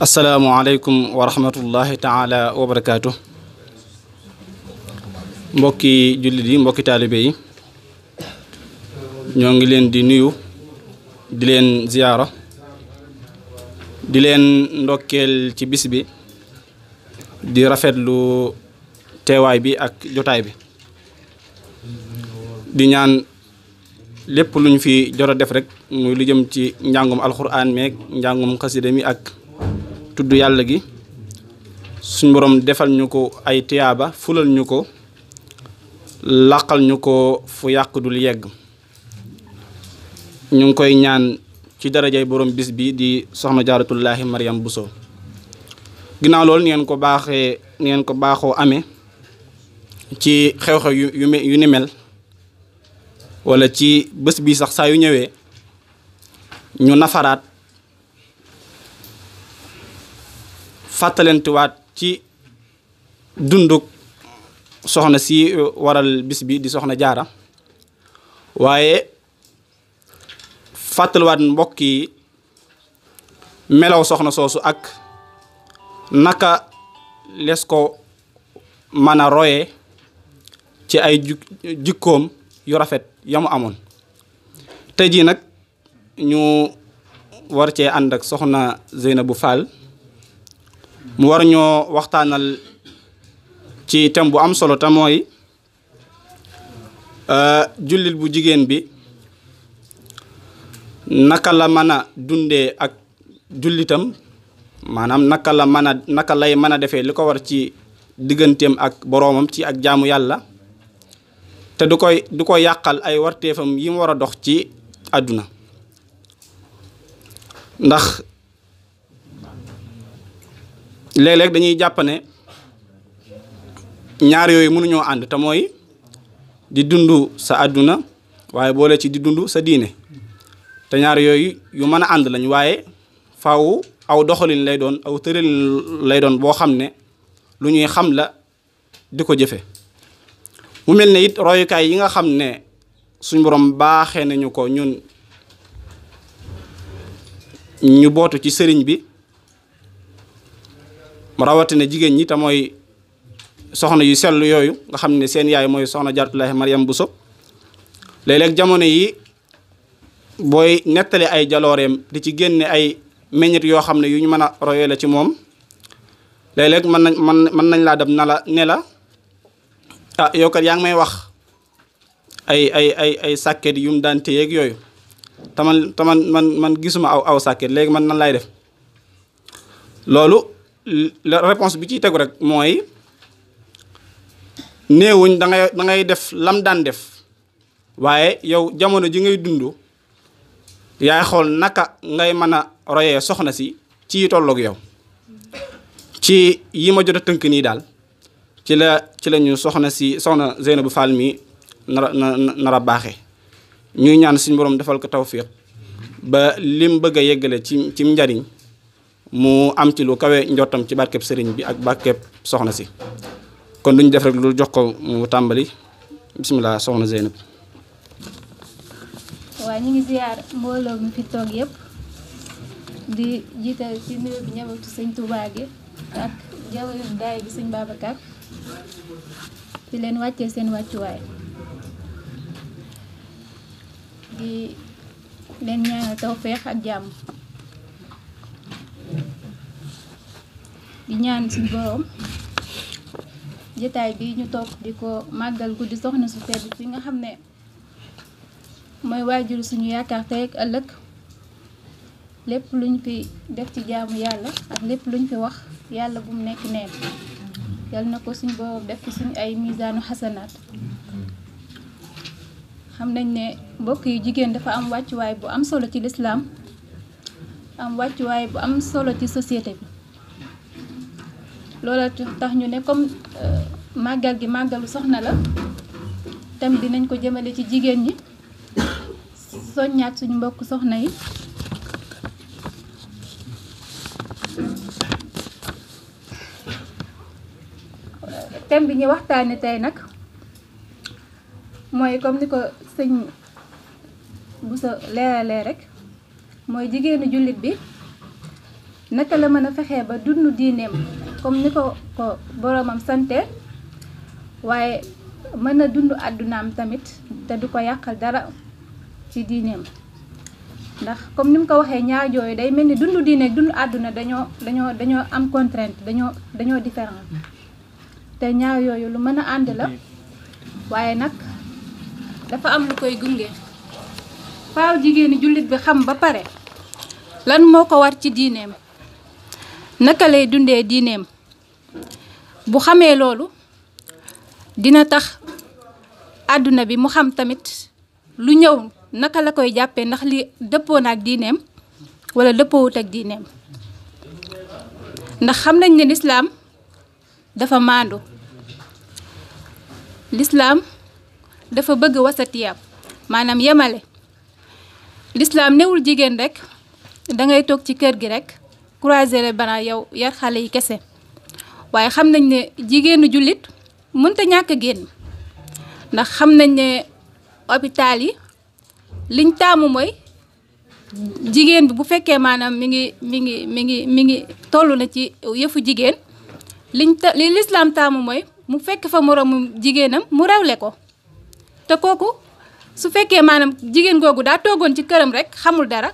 asalaamualeykum wa rahmatullahi taala wa mbokki jullit yi mbokki taalibe yi ñoo ngi leen di nuyu di leen ziyaara di leen ndokkeel ci bis bi di rafetlu teewaay bi ak jotaay bi di ñaan lépp lu fi jot a def rek muy lu jëm ci njàngum alxuraan meeg njàngum xasida mi ak tuddu yalla gi suñ borom defal ñuko ay tiyaba fulal ñuko laqal ñuko fu yàq dul yegg ñu ngi koy ñaan ci darajay borom bis bi di soxna jaaratullaahi Mariam buso ginnaaw lol ngeen ko baaxee ngeen ko baxo amé ci xew-xew yu yu ni mel wala ci bés bi sax sa yu ñëwee ñu nafarat fàttalantiwaat ci dunduk soxna si euh, waral bis bi di soxna jaara waaye fàttaliwaat mbokk yi melaw soxna soosu ak naka les ko mën a roye ci ay jikkoom yu rafet yamu amoon tey jii nag ñu war cee ànd ak soxna bu Fall mu war ñoo waxtaanal ci thème bu am solo te mooy euh, jullit bu jigéen bi naka la mën a dundee ak jullitam maanaam naka la lay mën a defee li ko war ci digganteem ak boroomam ci ak jaamu yàlla te du koy du ko yàqal ay warteefam yi mu war a dox ci àdduna ndax léeg-léeg dañuy jàpp ne ñaar yooyu mënuñoo ànd te mooy di dund sa adduna waaye boole ci di dund sa diine te ñaar yooyu yu mën a ànd lañ waaye faw aw doxalin lay doon aw tëralin lay doon boo xam ne lu ñuy xam la di ko jëfe mu mel ne it royukaay yi nga xam ne suñ borom baaxee nañu ko ñun ñu bootu ci sëriñ bi rawatina jigéen ñi te mooy soxna yu sell yooyu nga xam ne seen yaay mooy soxna Jaaratullaahi Mariam Bousso léeg-léeg jamono yi booy nettali ay jalooreem di ci génne ay meññet yoo xam ne yu ñu mën a royee la ci moom léeg-léeg mën nañ mën mën nañ laa dab na la ne la ah yow yaa ngi may wax ay ay ay ay sàkket yu daan téyeeg yooyu taman taman man man gisuma aw aw sàkket léegi man nan laay def loolu la bi ciy tegu rek mooy néewuñ da dangay def lam daan def waaye yow jamono ji ngay dund yaay xool naka ngay mën a royee soxna si ci tolloog yow ci yi ma jot a tënk nii daal ci la ci la ñu soxna si soxna Zeynabu Fall mi nar na nar a baaxee ñuy ñaan suñu borom defal ko tawfiq ba lim bëgg a yeggale ci ci njariñ mu am ci lu kawe njottam ci barkeb sëriñ bi ak barkeb soxna si kon duñ def rek lu jox ko mu tàmbali bismillah soxna zeynab waa ñu ngi ziar mbooloo mi fi toog yépp di jiital ci nuyu bi ñabatu sëñ tubaa gi ak jawayu daay bi sëñ babacar di leen sen seen wàccuwaay di leen ñaanal tawfeex ak jàmm di ñaan suñu borom jotaay bi ñu toog di ko màggal guddi soxna su tedd fi nga xam ne mooy waajur suñu yaakaar tey ak ëllëg lépp luñ fi def ci jaamu yàlla ak lépp luñ fi wax yàlla bu mu nekk neen yàlla na ko suñ borom def ci suñu ay misaanu xasanaat xam nañ ne mbokk yu jigéen dafa am wàccuwaay bu am solo ci lislaam am wàccuwaay bu am solo ci société bi loola tax ñu ne comme euh, màggal gi màggalu soxna la tam dinañ ko jëmale ci jigéen ñi soññaat suñu mbokk soxna yi thème bi ñu waxtaane tey nag mooy comme ni ko sëñ bu sa leeralee rek mooy jigéenu jullit bi naka la mën a fexee ba dund diineem comme ni ko ko boromam sante waaye mën a dund àddunaam tamit te du ko yàqal dara ci diineem ndax comme ni mu ko waxee ñaar yooyu day mel ni dund diine ak dund àdduna dañoo dañoo dañoo am contrainte dañoo dañoo différent te ñaar yooyu lu mën a ànd la waaye nag dafa am lu koy gunge faaw jigéeni jullit bi xam ba pare lan moo ko war ci diineem naka lay dundee diineem bu xamee loolu dina tax àdduna bi mu xam tamit lu ñëw naka la koy jàppee ndax li dëppoo na ak diineem wala dëppoowut ak diineem ndax xam nañ ne lislaam dafa maandu lislaam dafa bëgg wasatiyam maanaam yemale lislaam newul jigéen rek dangay toog ci kër gi rek croiser les bras yow yar xale yi kese waaye xam nañ ne jigéenu jullit mënta ñàkk a génn ndax xam nañ ne hôpital yi liñ taamu mooy jigéen bi bu fekkee maanaam mi ngi mi ngi mi ngi mi ngi tollu na ci yëfu jigéen liñ ta li lislaam taamu mooy mu fekk fa moroomu jigéenam mu rewle ko te kooku su fekkee maanaam jigéen googu daa toogoon ci këram rek xamul dara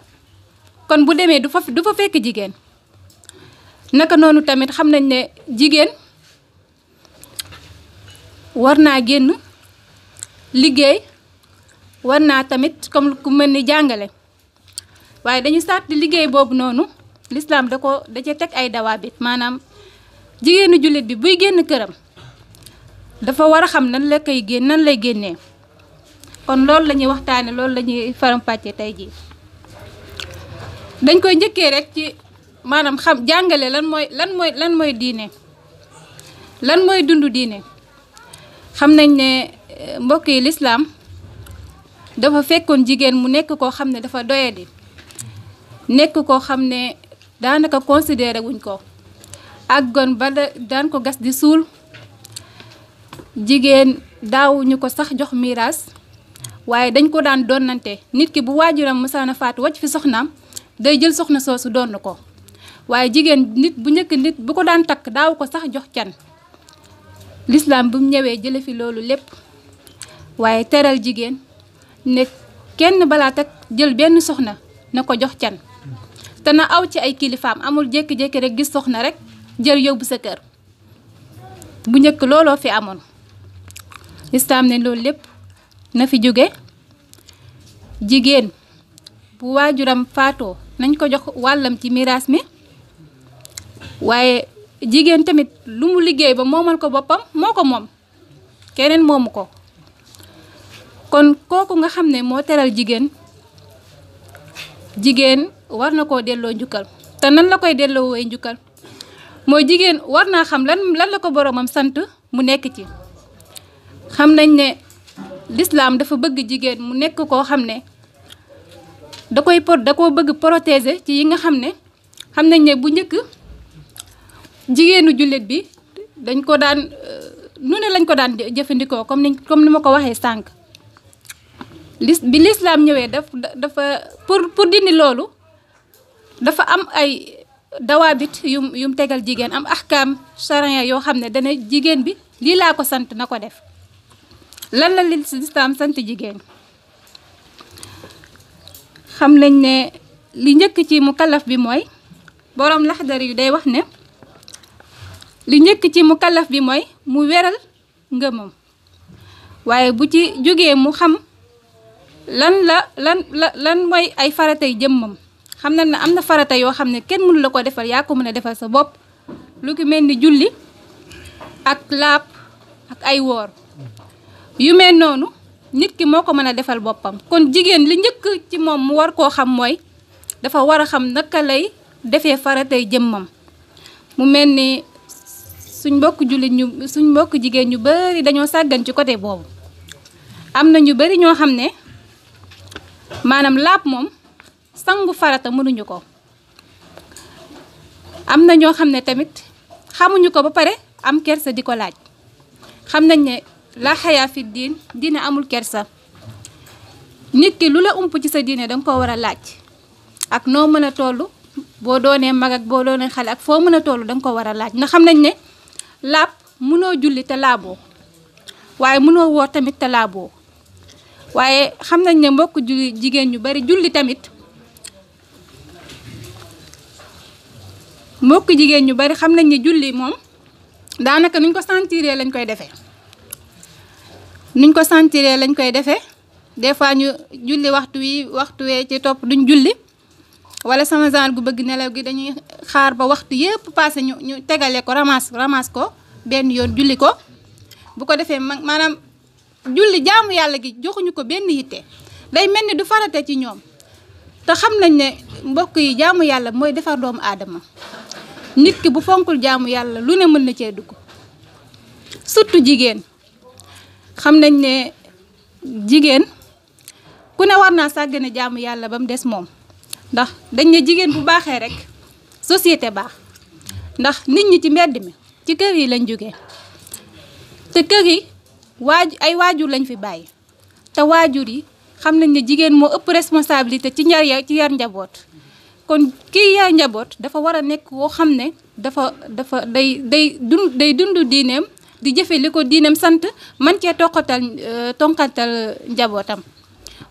kon bu demee du fa du fa fekk jigéen naka noonu tamit xam nañ ne jigéen war naa génn liggéey war naa tamit comme ku mel ni jàngale waaye dañu sàtt liggéey boobu noonu lislaam da ko da ca teg ay dawaabit maanaam jigéenu jullit bi buy génn këram dafa war a xam nan lekk koy génn nan lay génnee kon loolu la ñuy waxtaane loolu la ñuy faram-fàccee tey jii dañ koy njëkkee rek ci maanaam xam jàngale lan mooy lan mooy lan mooy diine lan mooy dund diine xam nañ ne eh, mbokk lislaam dafa fekkoon jigéen mu nekk koo xam ne dafa doyadi nekk koo xam ne daanaka considerewuñ ko ak àggoon ba daan ko gas di suul jigéen daawuñu ko sax jox miiras waaye dañ ko daan donnante nit ki bu waajuram mësaana faatu wacc fi soxnaam day jël soxna soosu donn ko waaye jigéen nit bu njëkk nit bu ko daan takk daaw ko sax jox can lislaam bu mu ñëwee jële fi loolu lépp waaye teral jigéen ne kenn balaa takk jël benn soxna na ko jox can te na aw ci ay kilifaam amul jékki-jékki rek gis soxna rek jël yóbbu sa kër bu njëkk looloo fi amoon lislaam ne loolu lépp na fi jóge jigéen bu waajuram faatoo nañ ko jox wàllam ci miraas mi waaye jigéen tamit lu mu liggéey ba moomal ko boppam moo ko moom keneen moomu ko kon kooku nga xam ne moo teral jigéen jigéen war na koo delloo njukkal te nan la koy delloo woy njukkal mooy jigéen war naa xam lan lan la ko boromam sant mu nekk ci xam nañ ne lislaam dafa bëgg jigéen mu nekk koo xam ne da koy por da koo bëgg protéger ci yi nga xam ne xam nañ ne bu njëkk jigéenu julit bi dañ ko daan euh, nu ne lañ ko daan jëfëndiko comme ni comme ni ma ko waxee sànq bi l'islam ñëwé daf dafa pour pour dindi lolu dafa am ay dawabit yum yum tegal jigen, am ahkam sharia yo xamné ne jigen bi li la ko sant nako def lan la l'islam sant jigen xam nañ ne li ñëk ci mukallaf bi moy borom lahdari day wax né li njëkk ci mu kallaf bi mooy mu weral ngëmam waaye bu ci jógee mu xam lan la lan la lan mooy ay faratay jëmmam xam na ne am na farata yoo xam ne kenn mënu la ko defal yaa ko mën a defal sa bopp lu ki mel ni julli ak laab ak ay woor yu mel noonu nit ki moo ko mën a defal boppam kon jigéen li njëkk ci moom mu war koo xam mooy dafa war a xam naka lay defee faratay jëmmam mu mel ni suñ mbokk jullit ñu suñ mbokk jigéen ñu bari dañoo sàggan ci côté boobu am na ñu bari ñoo xam ne maanaam laab moom sangu farata mënuñu ko am na ñoo xam ne tamit xamuñu ko ba pare am kersa di ko laaj xam nañ ne la xayaa fi diin diine amul kersa nit ki lu la ump ci sa diine danga ko war a laaj ak noo mën a toll boo doonee mag ak boo doonee xale ak foo mën a toll danga ko war a laaj nga xam nañ ne laab mënoo julli te laaboo waaye mënoo woor tamit te laaboo waaye xam nañ ne mbokk ju jigéen ñu bari julli tamit mbokk jigéen ñu bari xam nañ ne julli moom daanaka nuñ ko sentiree lañ koy defee nuñ ko sentiree lañ koy defee des fois ñu julli waxtu wi waxtu wee ci topp duñ julli wala sama genre gu bëgg nelaw gi dañuy xaar ba waxtu yëpp passé ñu ñu tegale ko ramas ramas ko benn yoon julli ko bu ko defee mag maanaam julli jaamu yàlla gi joxuñu ko benn yitte day mel ni du farate ci ñoom te xam nañ ne mbokk yi jaamu yàlla mooy defar doomu aadama nit ki bu fonkul jaamu yàlla lu ne mën na cee dugg surtout jigéen xam nañ ne jigéen ku ne war naa ne jaamu yàlla ba mu des moom ndax dañ ne jigéen bu baaxee rek société baax ndax nit ñi ci mbedd mi ci kër yi lañ jóge te kër yi waaju ay waajur lañ fi bàyyi te waajur yi xam nañ ne jigéen moo ëpp responsabilité ci ñaar ci yar njaboot kon kii yar njaboot dafa war a nekk woo xam ne dafa dafa day day dund day dund diineem di jëfe li ko diineem sant man kee toqatal euh, tonkantal njabootam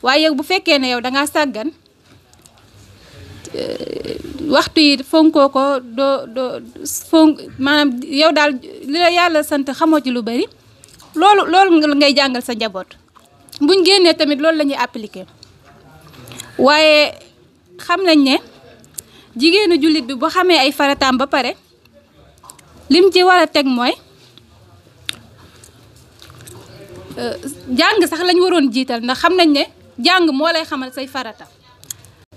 waaye bu fekkee ne yow dangaa sàggan Eh, waxtu yi fonkoo ko doo doo fonk maanaam yow daal li la yàlla sant xamoo ci lu bari loolu loolu ngay jàngal sa njaboot buñ génnee tamit loolu lañuy ñuy waaye xam nañ ne jigéenu jullit bi bu xamee ay farataam ba pare lim ci war a teg mooy eh, jàng sax lañ waroon jiital ndax xam nañ ne jàng moo lay xamal say farata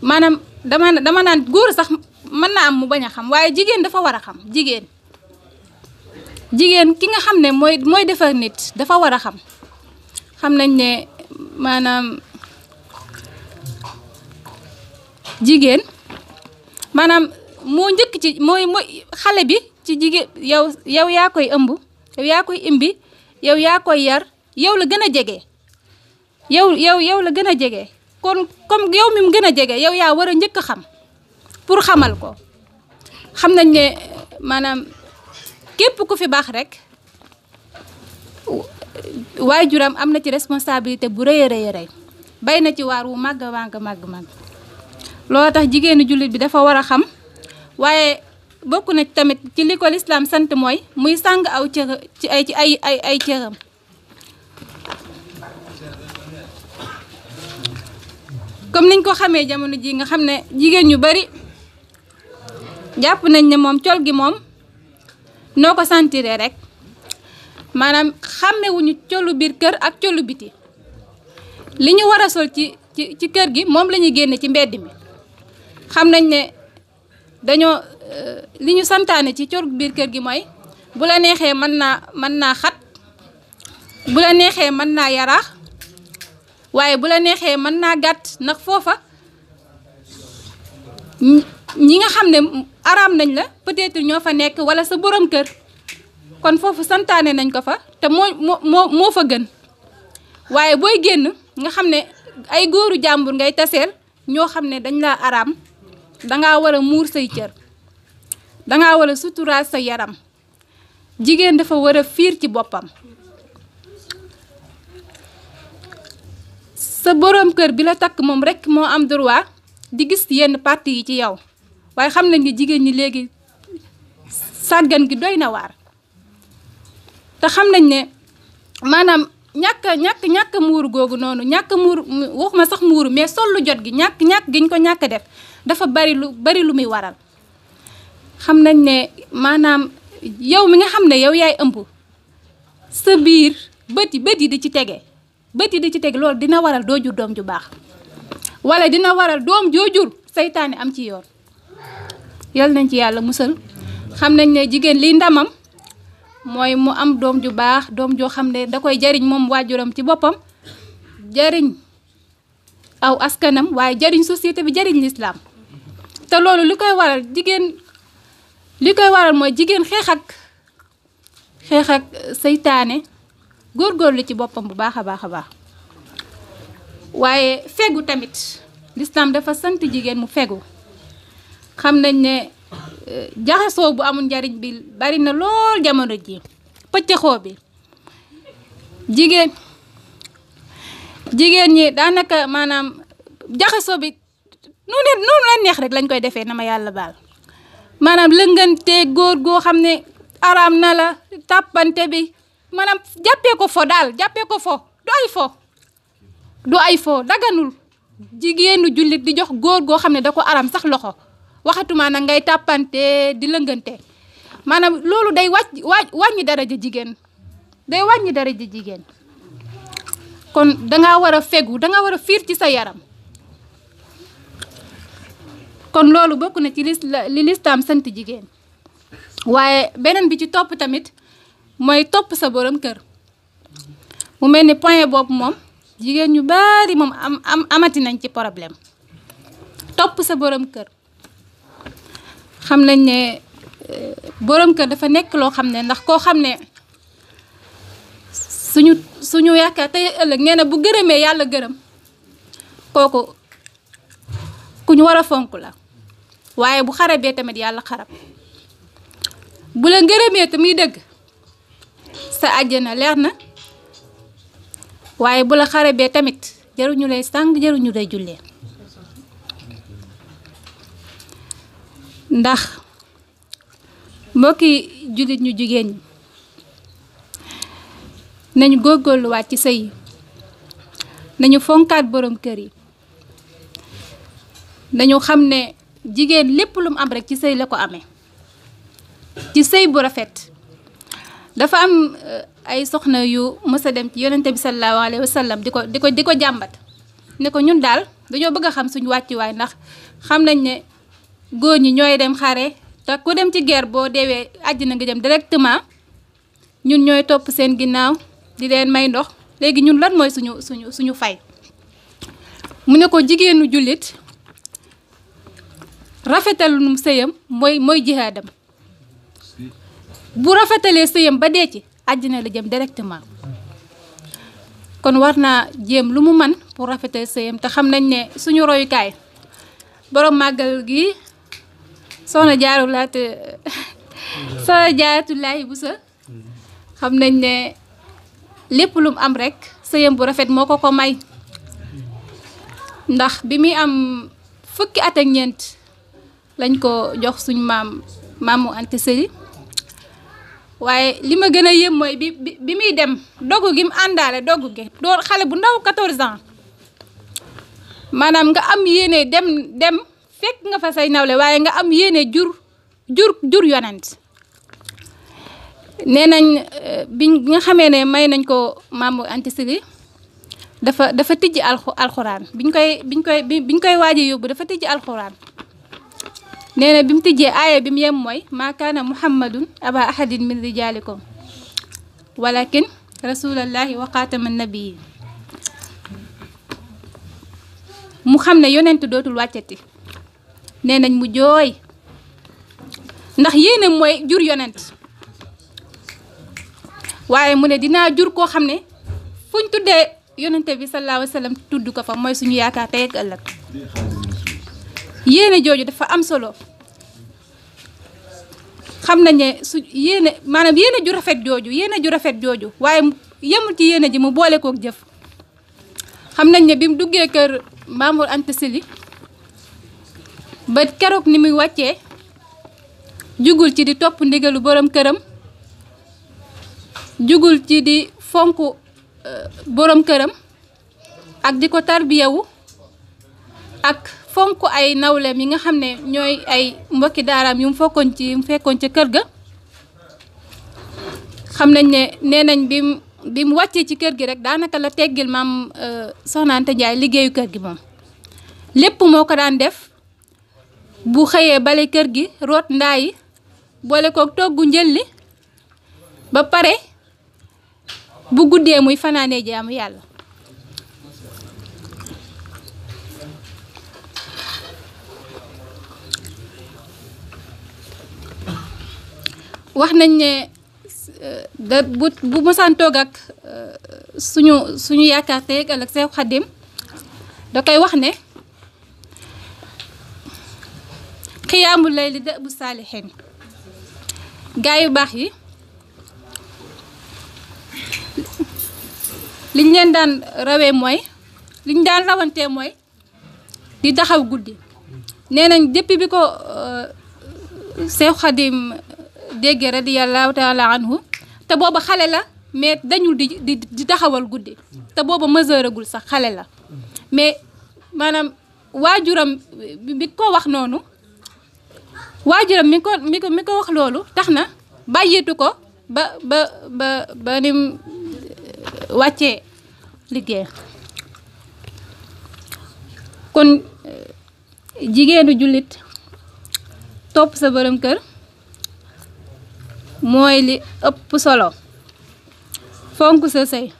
manam dama dama nan goor sax man na am mu baña xam waye jigen dafa wara xam jigen jigen ki nga xamne moy moy defal nit dafa wara xam xam nañ ne manam jigen manam mo ñëk ci moy moy xalé bi ci jigen yow yow ya koy ëmb yow ya koy imbi yow ya koy yar yow la gëna jégé yow yow yow la gëna jégé kon comme yow mi mu gën a jege yow yaa war a njëkk a xam pour xamal ko xam nañ ne maanaam képp ku fi baax rek juram am na ci responsabilité bu rëy a rëy bay na ci waar wu màgg màgg màgg màgg loo tax jigéenu jullit bi dafa war a xam waaye bokk na tamit ci li ko lislaam sant mooy muy sàng aw cër ci ay ci ay ay ay cëram comme niñ ko xamee jamono ji nga xam ne jigéen ñu bari jàpp nañ ne moom col gi moom noo ko sentiree rek maanaam xàmmewuñu colu biir kër ak colu biti li ñu war a sol ci ci ci kër gi moom lañuy ñuy génne ci mbedd mi xam nañ ne dañoo euh, li ñu santaane ci col biir kër gi mooy bu la neexee mën naa mën naa xat bu la neexee mën naa yaraax waaye bu la neexee mën naa gàtt ndax foofa ñi nga xam ne araam nañ la peut-être ñoo fa nekk wala sa borom kër kon foofu santaane nañ ko fa te moo moo moo fa gën waaye booy génn nga xam ne ay góoru jàmbur ngay taseel ñoo xam ne dañ laa araam dangaa war a muur say cër danga war a suturaal sa yaram jigéen dafa war a fiir ci boppam sa boroom kër bi la takk moom rekk moo am droit di gis yenn parti yi ci yow waaye xam nañ ni jigéen ñi léegi sàggan gi doy na waar te xam nañ ne maanaam ñàkk a ñàkk ñàkk noonu ñàkk muur waxuma sax muuru mais sol jot gi ñàkk ñàkk giñ ko ñàkk def dafa bari bari lu muy waral xam nañ ne maanaam yow mi nga xam ne yow yaay ëmb sa biir bët yi bët yi di ci tege bët yi di ci teg loolu dina waral doo jur doom ju baax wala dina waral doom joo jur seytaane am ci yoon yal nañ ci yàlla musal xam nañ ne jigéen liy ndamam mooy mu am doom ju baax doom joo xam ne da koy jariñ moom waajuram ci boppam jariñ aw askanam waaye jariñ société bi jariñ lislaam te loolu li koy waral jigéen li koy waral mooy jigéen xeex ak xeex ak seytaane góor góorgóorlu ci boppam bu baax a baax a baax waaye fegu tamit l'islam dafa sant jigéen mu fegu xam nañ ne euh, jaxasoo bu amul njariñ bi bari na lool jamono ji pëccëxoo bi jigéen jigéen ñi daanaka maanaam jaxasoo bi nu ne noonu la neex rek lañ koy defee na ma yàlla baal maanaam lëngante góor goo xam ne araam na la tàppante bi maanaam jàppee ko fo daal jàppee ko fo du ay fo du ay fo daganul jigéenu jullit di jox góor goo xam ne da ko aram sax loxo waxatuma nag ngay tàppante di lëngante maanaam loolu day wàcc wàññi daraja jigéen day wàññi daraja jigéen kon danga war a fegu danga war a fiir ci sa yaram kon loolu bokk na ci li lislaam sant jigéen waaye beneen bi ci topp tamit moy top sa borom kër mu melni ni point mom, mom jigen ñu bari mom am am amati nañ ci problème top sa borom kër xam nañ né euh, borom kër dafa nek lo xamné ndax ko xamné suñu suñu yaaka tay ëlëk nee na bu gërëmee yalla gëreem koku ku ñu wara fonku la waye bu xarabé tamit yalla xarab bu la gërëmee tamit dëgg sa na leer na waaye bu la xare bee tamit jaruñu lay sàng jaruñu lay jullee ndax mbokki jullit ñu jigéen ñi nañu góorgóorluwaat ci sëy yi nañu fonkaat borom kër yi dañu xam ne jigéen lépp lu am rekk ci sëy la ko amee ci sëy bu rafet dafa am euh, ay soxna yu mës dem ci yonente bi sallallahu alayhi wa sallam di ko di ko di ko jàmbat ne ko ñun daal dañoo bëgg a xam suñu wàcc waaye ndax xam nañ ne góor ñi ñooy dem xare te ku dem ci guerre boo deewee àjjana ngi dem directement ñun ñooy topp seen ginnaaw di leen may ndox léegi ñun lan mooy suñu suñu suñu fay mu ne ko jigéenu jullit rafetalu sëyam mooy mooy jihaadam bu rafetalee sëyam ba dee ci àjjana la jëm directement kon war naa jéem lu mu man pour rafetal sëyam te xam nañ ne suñu royukaay boroom màggal gi soxna jaaru laat soxna jaaratu laay bu sa xam nañ ne lépp lum am rek sëyam bu rafet moo ko ko may ndax bi muy am fukki at ak ñeent lañ ko jox suñ maam maamu Anta Sëli waaye li ma gën a yëm mooy bi bi muy dem dogu gi mu àndaale dogu gi door xale bu ndaw 14 ans maanaam nga am yéene dem dem fekk nga fa say nawle waaye nga am yéene jur jur jur yonent nee nañ eh, bi nga xamee ne may nañ ko Maam Anta dafa dafa dafa tijji alxuraan biñ koy biñ koy biñ koy waaje yóbbu dafa tijji alxuraan nee na bi mu tijjee aaya bi mu yem mooy maa kaana muhammadun aba ahadin min rijaalikum walakin rasulallaahi wa xaatama nabiyi mu xam ne yonent dootul wàccati nee nañ mu jooy ndax yéene mooy jur yonent waaye mu ne dinaa jur koo xam ne fuñ tuddee yonent bi sallallaahu alayhi wa sallam tudd ko fa mooy suñu yaakaar tey ak ëllëg yéene jooju dafa am solo xam nañ ne su yéene ju rafet jooju yéene ju rafet jooju waaye yemul ci yéene ji mu boole kook jëf xam nañ ne bi mu duggee kër Mamour Anta Sali ba keroog ni muy wàcce jugul ci di topp ndigalu borom këram jugul ci di fonk euh, boroom këram ak di ko tarbiyawu ak fonk ay nawleem yi nga xam ne ñooy ay mbokki daaraam yu mu fekkoon ci mu fekkoon ca kër ga xam nañ ne nee nañ bi mu wàccee ci kër gi rek daanaka la teggil maam euh, Soxna Anta Ndiaye liggéeyu kër gi moom lépp moo ko daan def bu xëyee bale kër gi root ndaa yi boole kook toggu li ba pare bu guddee muy fanaanee jaamu yàlla wax nañ ne euh, da bu bu mosaan toog ak euh, suñu suñu yaakaar tey ëllëg Seex Xaddim da koy wax ne xiyaamu layli da bu saalixiin gaa yu baax yi liñ leen daan rawee mooy liñ daan rawantee mooy di taxaw guddi nee nañ depuis bi ko euh, Seex Xaddim déggee radiyallahu taala anhu te booba xale la mais dañul di di taxawal guddi te booba mesure sax xale la mais maanaam waajuram bi ko wax noonu waajuram mi ko mi ko wax loolu tax na bàyyitu ko ba ba ba nim eh, wàccee liggéey kon eh, jigéenu jullit topp sa borom kër mooy li ëpp solo Fonku sa sëy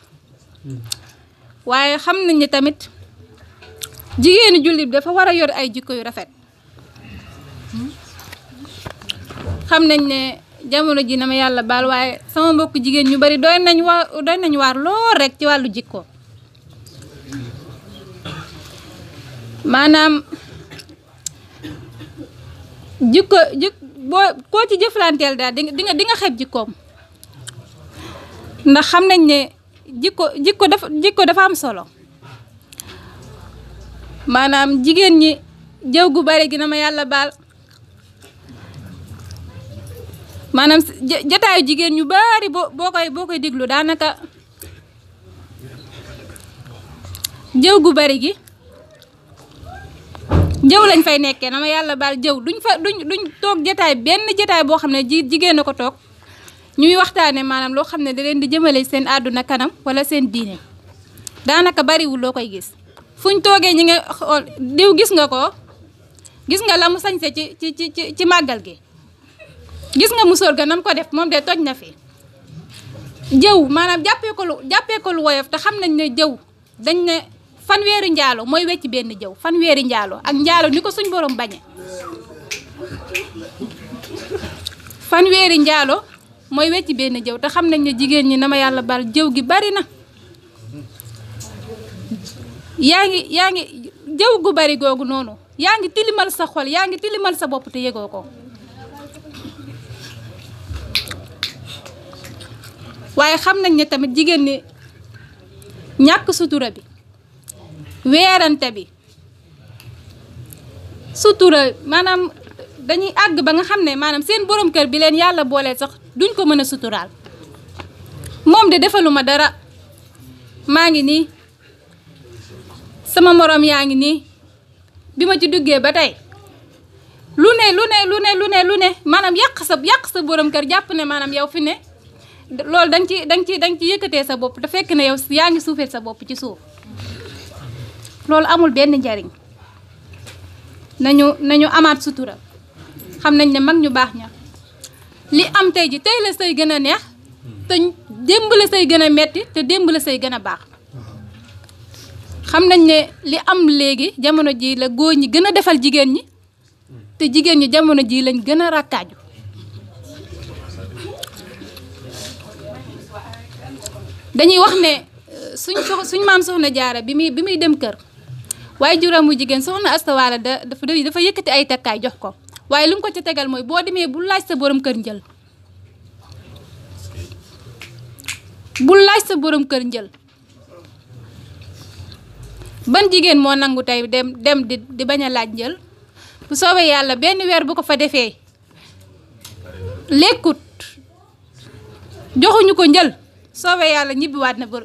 waaye xam ni tamit jigéenu jullit dafa war yor ay jikko yu rafet xam nañ ne jamono ji na ma sama mbokk jigéen ñu bari doy nañ waar doy nañ waar lool rek ci jikko jikko jik boo koo ci jëflanteel daal di nga di nga xeeb jikkoom ndax xam nañ ne jikko jikko dafa jikko dafa am solo maanaam jigéen ñi jëw gu bari gi na ma yàlla baal maanaam jotaayu jigéen ñu bari boo koy boo koy déglu daanaka jëw gu bari gi jëw lañ fay nekkee na yàlla baal jëw duñ fa duñ duñ toog jataay benn jataay boo xam ne ji jigéen ko toog ñuy waxtaane maanaam loo xam ne da leen di jëmalee seen àdduna kanam wala seen diine daanaka bariwul loo koy gis fuñ toogee ñi nga diw gis nga ko gis nga lam mu sañse ci ci ci ci màggal gi gis nga musóor ga nam ko def moom de toj na fi jëw maanaam jàppee ko lu jàppee ko lu woyof te xam nañ ne jëw dañ ne fanweeri njaalo mooy wecc benn jëw fanweeri njaalo ak njaalo ni ko suñ borom bañe fanweeri njaalo mooy wecc benn jëw te xam nañ ne jigéen ñi na ma yàlla bal jëw gi bari na yaa ngi yaa ngi jëw gu bari googu noonu yaa ngi tilimal sa xol yaa ngi tilimal sa bopp te yëgoo ko waaye xam nañ ne tamit jigéen ñi ñàkk sutura bi wérante bi sutura manam dañuy ag ba nga xamné manam seen borom kër bi len yalla bolé sax duñ ko mëna sutural mom de defaluma dara ma ngi sama morom yaa ngi bima bi ci duggé ba lune lu ne lu ne lu yak lu ne lu ne maanaam yàq sa yak sa borom kër japp né manam yow fi né lol dang ci dang ci dang ci yëkëté sa bop da fekk né yow ngi sa bop ci souf loolu amul benn njariñ nañu nañu amaat sutura xam nañ ne mag ñu baax ña li am tey ji tey la say gën a neex te démb la say gën a metti te démb la say gën a baax xam nañ ne li am léegi jamono ji la góor ñi gën a defal jigéen ñi te jigéen ñi jamono ji lañ gën a rakkaaju dañuy wax ne suñ suñ maam soxna jaara bi muy bi muy dem kër waaye juróom mu jigéen soxna Asta Wala da dafa dafa yëkkati ay takkaay jox ko waaye lu mu ko ci tegal mooy boo demee bu laaj sa borom kër njël bu laaj sa borom kër njël ban jigéen moo nangu tey dem dem di di bañ a laaj njël bu soowee yàlla benn weer bu ko fa defee lekkut joxuñu ko njël soobee yàlla ñibbiwaat na bor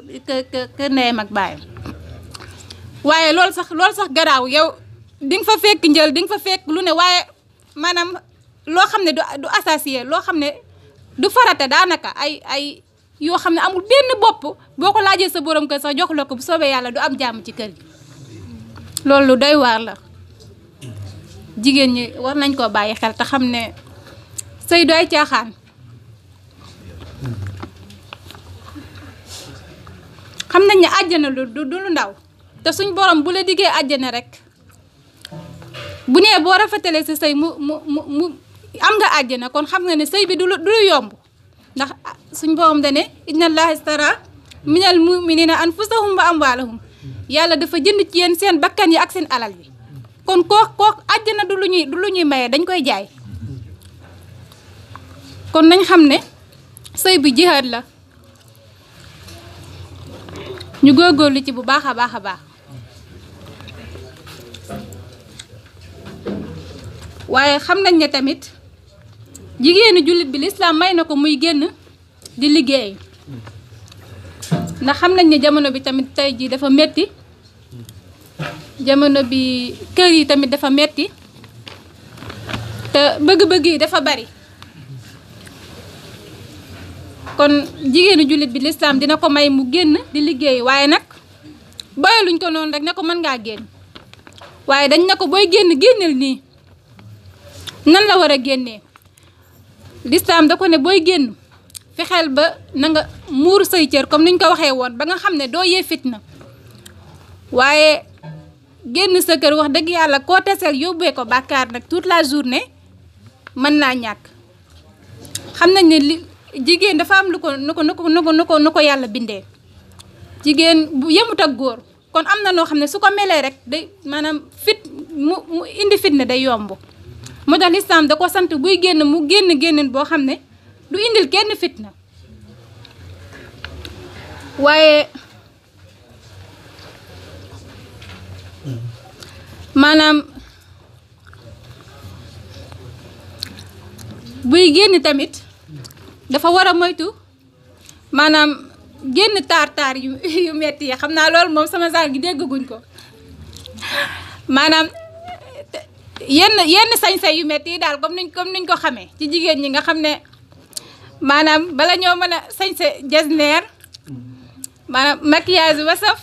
kër ndeyam ak baayam waaye loolu sax loolu sax garaaw yow di fa fekk njël di nga fa fekk lu ne waaye maanaam loo xam ne du du loo xam ne du farate daanaka ay ay yoo xam ne amul benn bopp boo ko laajee sa borom kër sa jox la ko bu soobee yàlla du am jàmm ci kër gi loolu lu doy waar la jigéen ñi war nañ koo bàyyi xel te xam ne sëy du ay caaxaan xam nañ ne àjjana lu du lu ndaw te suñ borom bu la diggee àjjana rek bu nee boo rafetalee sa sëy mu mu mu mu am nga àjjana kon xam nga ne sëy bi du du lu yomb ndax suñ borom dane inna allaha istara minal muminina anfusahum wa amwalahum yàlla dafa jënd ci yéen seen bakkan yi ak seen alal yi kon koo koo àjjana du ñuy du lu ñuy maye dañ koy jaay kon nañ xam ne sëy bu jihaad la ñu lu ci bu baax a baax a baax waaye xam nañ ne tamit jigéenu julit bi lislaam may na ko muy génn di liggéey ndax xam nañ ne jamono bi tamit tey jii dafa metti jamono bi kër yi tamit dafa metti te bëgg-bëgg yi dafa bari kon jigéenu julit bi lislaam dina ko may mu génn di liggéey waaye nag boyaluñ ko noonu rek ne ko mën ngaa génn waaye dañ ne ko booy génn nii nan la war a génnee lislaam da ko ne booy génn fexeel ba na nga muur say cër comme ni ñu ko waxee woon ba nga xam ne doo yee fitna waaye génn sa kër wax dëgg yàlla koo teseel yóbbee ko bàkkaar nag tout la journée mën naa ñàkk xam nañ ne li jigéen dafa am lu ko nu ko nu ko nu ko nu ko yàlla bindee jigéen bu yemut góor kon am na noo xam ne su ko melee rek day maanaam fit mu mu indi fitna day yomb moo tax lislaam da ko sant buy génn mu génn génn boo xam ne du indil kenn fitna waaye maanaam buy génn tamit dafa war a moytu maanaam génn taar taar yu metti yi xam naa loolu moom sama saar gi déggaguñ ko maanaam yenn yenn sañ-sañ yu metti dal comme niñ comme niñ ko xamé ci jigéen ñi nga xamné manam bala ñoo mëna a sañse jasneer maanaam maquillage saf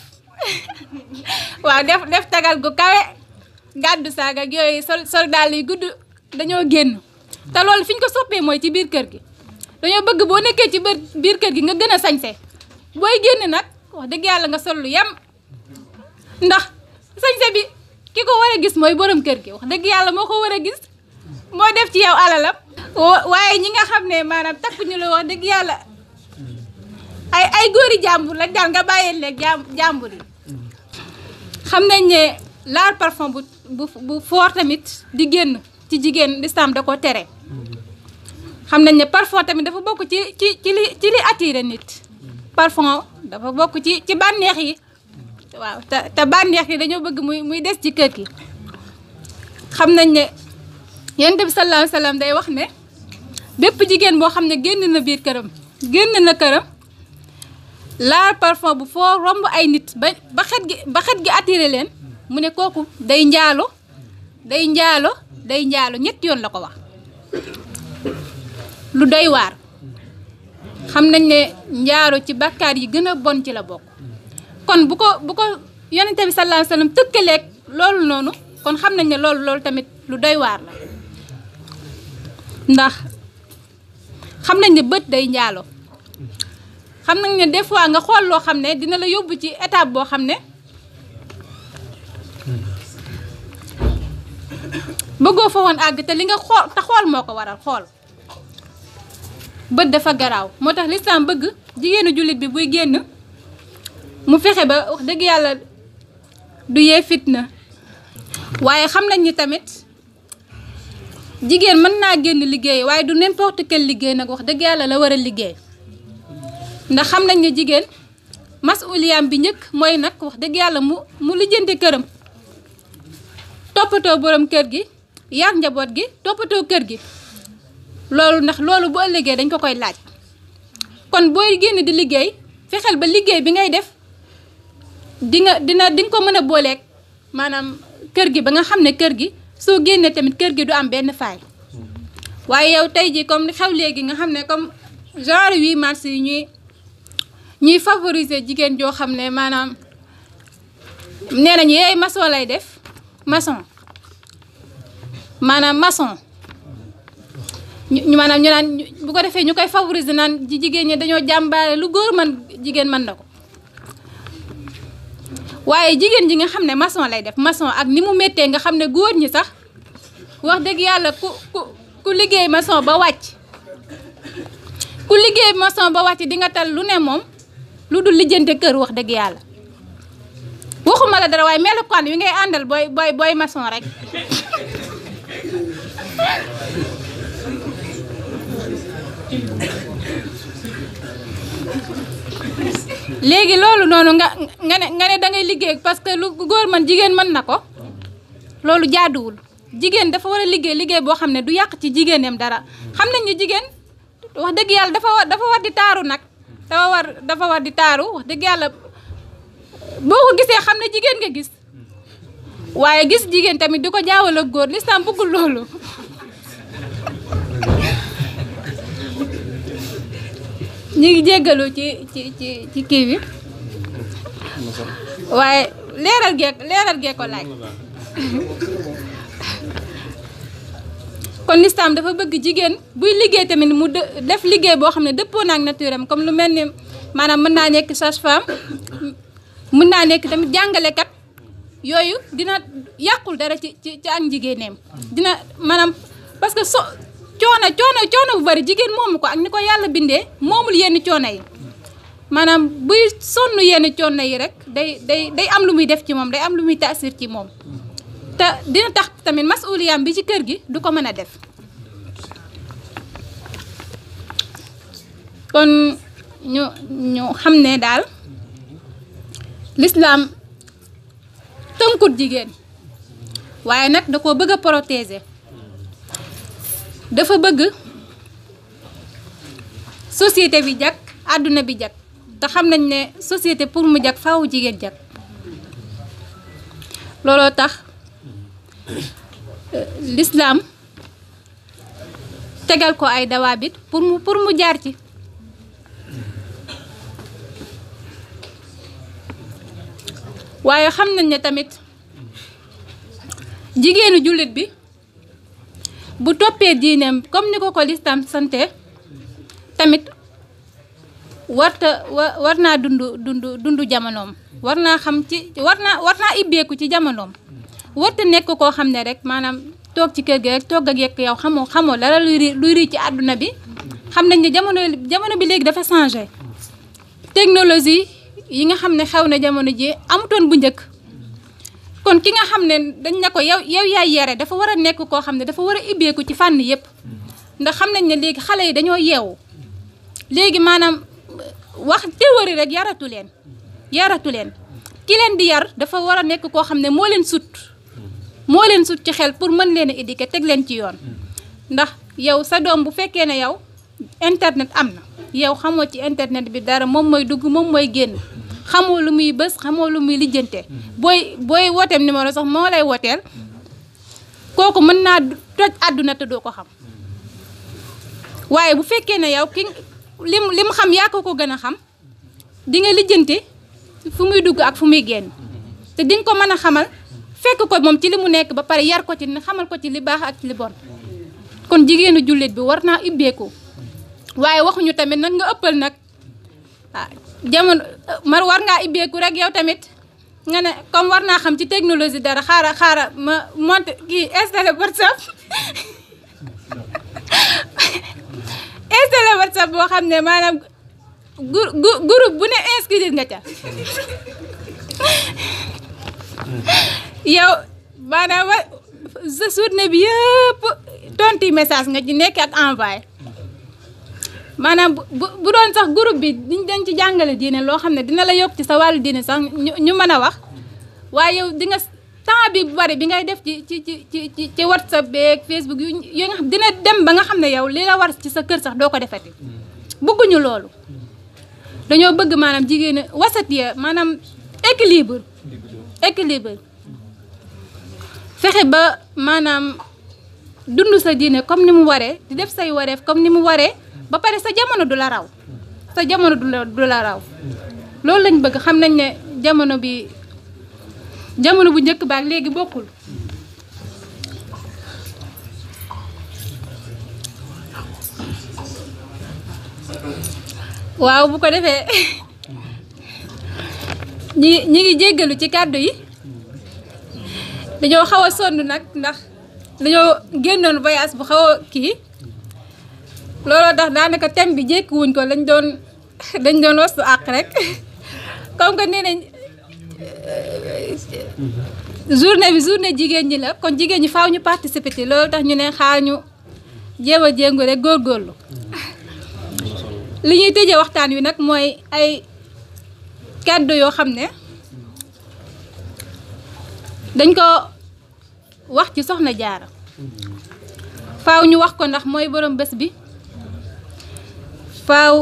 wa def def tagal gu kawe gaddu saga ak sol sol dal yi gudd dañoo genn ta loolu fiñ ko soppé moy ci biir kër gi dañoo bëgg bo nekké ci biir kër gi nga gëna a sañse booy génn wax deug yalla nga sol lu ndax bi ki ko war a gis mooy borom kër gi wax dëgg yàlla moo ko war a gis moo def ci yow alalam waaye ñi nga xam ne maanaam takkuñu la wax dëgg yàlla ay ay góori jàmbur la daal nga bàyyi leen jàmbur yi xam nañ ne laal parfum bu bu fort tamit di génn ci jigéen lislaam da ko tere xam nañ ne parfum tamit dafa bokk ci ci ci li ci nit parfum dafa bokk ci ci bànneex yi waaw te te bànneex yi dañoo bëgg muy muy des ci kër gi xam nañ ne yonent bi sallallahu alayhi day wax ne bépp jigéen boo xam ne génn na biir këram génn na këram laal parfum bu foo romb ay nit ba xet gi ba leen mu ne kooku day njaalo day njaalo day njaalo ñett yoon la ko wax lu doy waar xam nañ ne njaaro ci bàkkaar yi gën a bon ci la bokk kon bu ko bu ko yonente bi sallallahu alayhi wa sallam tëkkaleeg loolu noonu kon xam nañ ne loolu loolu tamit lu doy waar la ndax xam nañ ne bët day njaalo xam nañ ne des fois nga xool loo xam ne dina la yóbbu ci étape boo xam ne bëggoo fa woon àgg te li nga xool te xool moo ko waral xool bët dafa garaaw moo tax lislaam bëgg jigéenu jullit bi buy génn mu fexe ba wax dëgg yàlla du yee na waaye xam nañ ni tamit jigéen mën naa génn liggéey waaye du n'importe quel liggéey nag wax dëgg yàlla la war a liggéey ndax xam nañ ni jigéen masuliyaam bi njëkk mooy nag wax dëgg yàlla mu mu lijjanti këram toppatoo borom kër gi yar njaboot gi toppatoo kër gi loolu ndax loolu bu ëllëgee dañ ko koy laaj kon booy génn di liggéey fexeel ba liggéey bi ngay def di nga dina dinga ko mën a booleeg maanaam kër gi ba nga xam ne kër gi soo génnee tamit kër gi du am benn faay waaye yow tey jii comme xew léegi nga xam ne comme genre 8 mars yi ñuy ñuy favoriser jigéen joo xam ne maanaam nee nañu yeey maçon lay def maçon maanaam maçon ñu maanaam ñu naan bu ko defee ñu koy favoriser naan ji jigéen ñi dañoo jàmbaare lu góor man jigéen mën na ko waaye jigéen ji nga xam ne maçon lay def maçon ak ni mu méttee nga xam ne góor ñi sax wax dëgg yàlla ku ku ku liggéey maçon ba wàcc ku liggéey maçon ba wàcc di nga tal lu ne moom lu dul lijjante kër wax dëgg yàlla waxuma la dara waaye melokaan wi ngay àndal booy booy booy maçon rek léegi loolu noonu nga nga ne nga ne da ngay liggéey parce que lu góor man jigéen man na ko loolu jaaduwul jigéen dafa war a liggéey liggéey boo xam ne du yàq ci jigéeneem dara xam nañ ne jigéen wax dëgg yàlla dafa war dafa war di taaru nag dafa dafa war di taaru wax dëgg yàlla boo ko gisee xam ne jigéen nga gis waaye gis jigéen tamit di ko jaawal ak góor lislaam bëggul loolu ñu ngi jéggalu ci ci ci ci kii bi waaye leeral gee leeral gee ko laaj kon lislaam dafa bëgg jigéen buy liggéey tamit mu def liggéey boo xam ne dëppoon naag nature am comme lu mel ni maanaam mën naa nekk sage-femme mën naa nekk tamit jàngalekat yooyu dina yàqul dara ci ci ci ak njigéeneem dina maanaam parce que so coono coono coono bu bari jigéen moomu ko ak ni ko yàlla bindee moomul yenn coono yi maanaam buy sonn yenn coono yi rek day day day am lu muy def ci moom day am lu muy taasir ci moom te dina tax tamit masuuliyaam bi ci kër gi du ko mën a def kon ñu ñu xam ne daal lislaam tënkut jigéen waaye nag da koo bëgg a protéger dafa bëgg société bi jag àdduna bi jag te xam nañ ne société pour mu jag fawu jigéen jag looloo tax euh, lislaam tegal ko ay dawaabit mu pour mu jaar ci waaye xam nañ ne tamit jigéenu jullit bi bu toppee diineem comme ni ko ko lislaam sante tamit warta war naa dund dund dundu jamonoom war naa xam ci war naa war naa ibbeeku ci jamonoom warta nekk koo xam ne rek maanaam toog ci kër gi rek toog ak yekk yow xamoo xamoo lala luy ri luy ri ci àdduna bi xam nañ ne jamono jamono bi léegi dafa changé technologie yi nga xam ne xew na jamono ji amutoon bu njëkk kon ki nga xam ne dañ ne ko yow yow yaay yare dafa war a nekk koo xam ne dafa war a ibbeeku ci fànn yëpp ndax xam nañ ne léegi xale yi dañoo yeewu léegi maanaam wax théorie rek yaratu leen yaratu leen ki leen di yar dafa war a nekk koo xam ne moo leen sut moo leen sut ci xel pour mën leen a éduquer teg leen ci yoon ndax yow sa doom bu fekkee ne yow internet am na yow xamoo ci internet bi dara moom mooy dugg moom mooy génn xamoo lu muy bés xamoo lu muy lijjante booy booy wooteem numéro sax moo lay wooteel kooku mën naa toj àdduna te doo ko xam waaye bu fekkee ne yow ki lim lim xam yaa ko ko gën a xam di nga lijjante fu muy dugg ak fu muy génn te di ko mën a xamal fekk ko moom ci li mu nekk ba pare yar ko ci xamal ko ci li baax ak ci li bon kon jigéenu jullit bi war naa ubbeeku waaye waxuñu tamit nag nga ëppal nag ah, jamono mar war ngaa ibbeeku rek yow tamit nga ne comme war naa xam ci technologie dara xaara xaara ma monte kii installé WhatsApp installé WhatsApp boo xam ne maanaam groupe bu ne inscrire nga ca yow maanaam sa journée bi yëpp tonti message nga ci nekk ak envoyé maanaam bu bu bu doon sax groupe bi diñ dañ ci jàngale diine loo xam ne dina la yokk ci sa wàllu diine sax ñu ñu mën a wax waaye yow di nga temps bi bu bari bi ngay def ci ci ci ci ci whatsapp beeg facebook yu yi nga xam dina dem ba nga xam ne yow li la war ci sa kër sax doo ko defati bëgguñu loolu dañoo bëgg maanaam jigéen wasat ya maanaam équilibre équilibre fexe ba maanaam dund sa diine comme ni mu waree di def say wareef comme ni mu waree ba pare sa jamono du la raw sa jamono du la du la raw loolu lañ bëgg xam nañ ne jamono bi jamono bu njëkk baak léegi bokkul waaw bu ko defee ñi ñi ngi jéggalu ci kàddu yi dañoo xaw a sonn nag ndax dañoo génnoon voyage bu xaw a kii looloo tax daanaka thème bi jékkiwuñ ko lañ doon dañ doon wastu àq rek comme que nee nañ euh, journée bi journée jigéen ñi la kon jigéen ñi faw ñu participer ci loolu tax ñu ne xaar ñu jéem a jéngu góor góorlu li ñuy tëjee waxtaan wi nag mooy ay kàddu yoo xam ne dañ ko wax ci soxna jaara faaw ñu wax ko ndax mooy borom bés bi faaw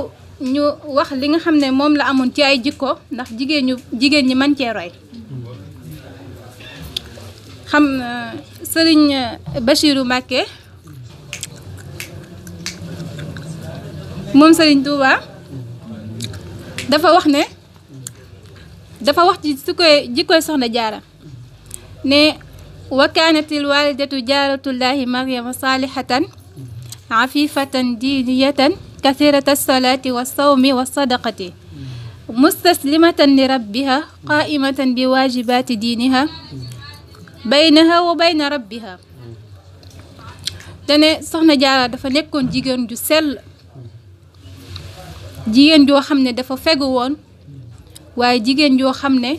ñu wax li nga xamne mom la amone ci ay jikko ndax jigéen ñu jigéen ñi man ci roy xam serigne Bachiru Mbàkke mom serigne touba dafa wax ne dafa wax ci su jikko soxna jaara ne wa kaanatil walidatu jaaratullahi maryama saalihatan عفيفة دينية كثيرة الصلاة والصوم والصدقة مستسلمة لربها قائمة بواجبات دينها بينها وبين ربها dane soxna jaara dafa nekkoon jigéen ju sell jigéen joo xam ne dafa fegu woon waaye jigéen joo xam ne